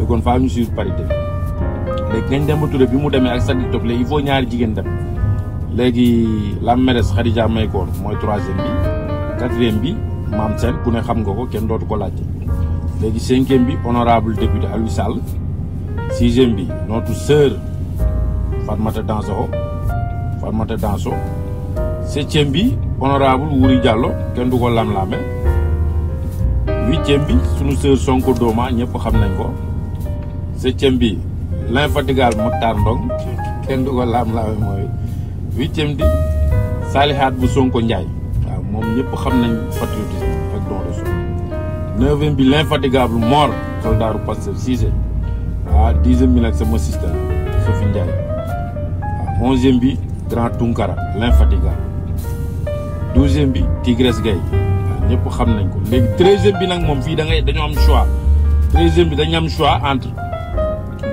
te kon faaw ñu parité léegi ngañ dem ba Touré bi mu demee ak Sadji léegi foo faut ñaari jigéen dem léegi la mairesse Khadija Maykoon mooy troisième bi quatrième bi Mame seen ku ne xam nga ko kenn dootu ko laajte léegi cinquième bi honorable député Aliou Sall sixième bi notre sœur Fatmata Danso Fatmata Danso septième bi honorable Wuri jàllo kenn du ko lam-laame huitième bi sunu sœur Sonko Doma ñëpp xam nañ ko septième bi l'infatigable Mokhtar Ndong kenn du ko laam-laame mooy huitième bi Salihaat bu Sonko Ndiaye waaw moom ñëpp xam nañ patriotisme ak don de soi neuvième bi l'infatigable Mor soldaaru Pastef Cissé waaw ah, dixième bi nag sama sister Sophie Ndiaye waaw ah, onzième bi Grand Tunkara l'infatigable douzième bi Tigresse Gueye waaw ah, xam nañ ko léegi treizième bi nag moom fii da ngay am choix treizième bi dañu am choix entre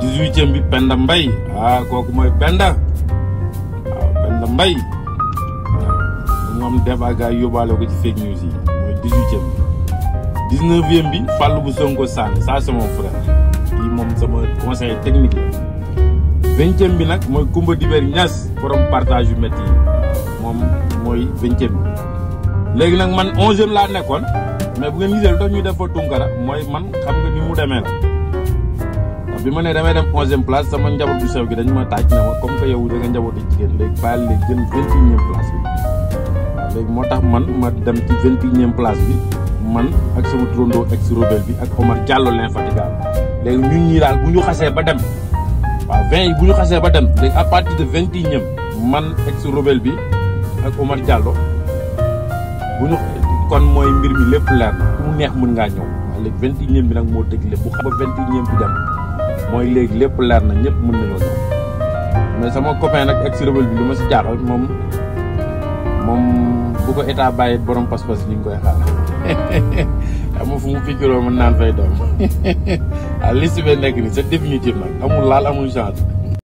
dix-huitième bi Penda Mbaye ah kooku mooy Penda waaw ah, Penda Mbaye waaw ah, moom Demba Gaye yóbbaale ko ci fake news yi mooy dix-huitième bi dix-neuvième bi Fallou bu Sonko Sane ça c'est mon frère kii moom sama conseil technique la bi nag mooy Koumba Diber Niass borom partage yu métti yi moom mooy vingtième bi léegi nag man onzième laa nekkoon mais bu ngeen def fa Tunkara mooy man xam nga ni mu demee la bi ma ne damay dem onzième place sama njaboot bu sew gi dañ ma taaj na ma comme que yow da nga di jigéen léegi bàyyi léegi jël vingt unième place bi waaw léegi moo tax man ma dem ci vingt unième place bi man ak sama turandoo ex rebelle bi ak Omar Diallo l'infatigable léegi ñun ñii daal bu ñu xasee ba dem waaw vingt yi bu ñu xasee ba dem léegi à partir de vingt unième man ex rebelle bi ak Omar Diallo bu ñu kon mooy mbir mi lépp leer na ku mu neex mën ngaa ñëw léegi vingt bi nag moo tëj bu xam ba vingt bi dem mooy léegi lépp leer na ñëpp mën nañoo ñëw mais sama copain nag ex rebelle bi lu ma si jaaxal moom moom bu ko état bàyyi borom pas-pas ñu ngi koy xaar amoo fu mu figuroo mën naan fay doom ah liste bi nekk ni c'est définitif nag amul laal amul chance.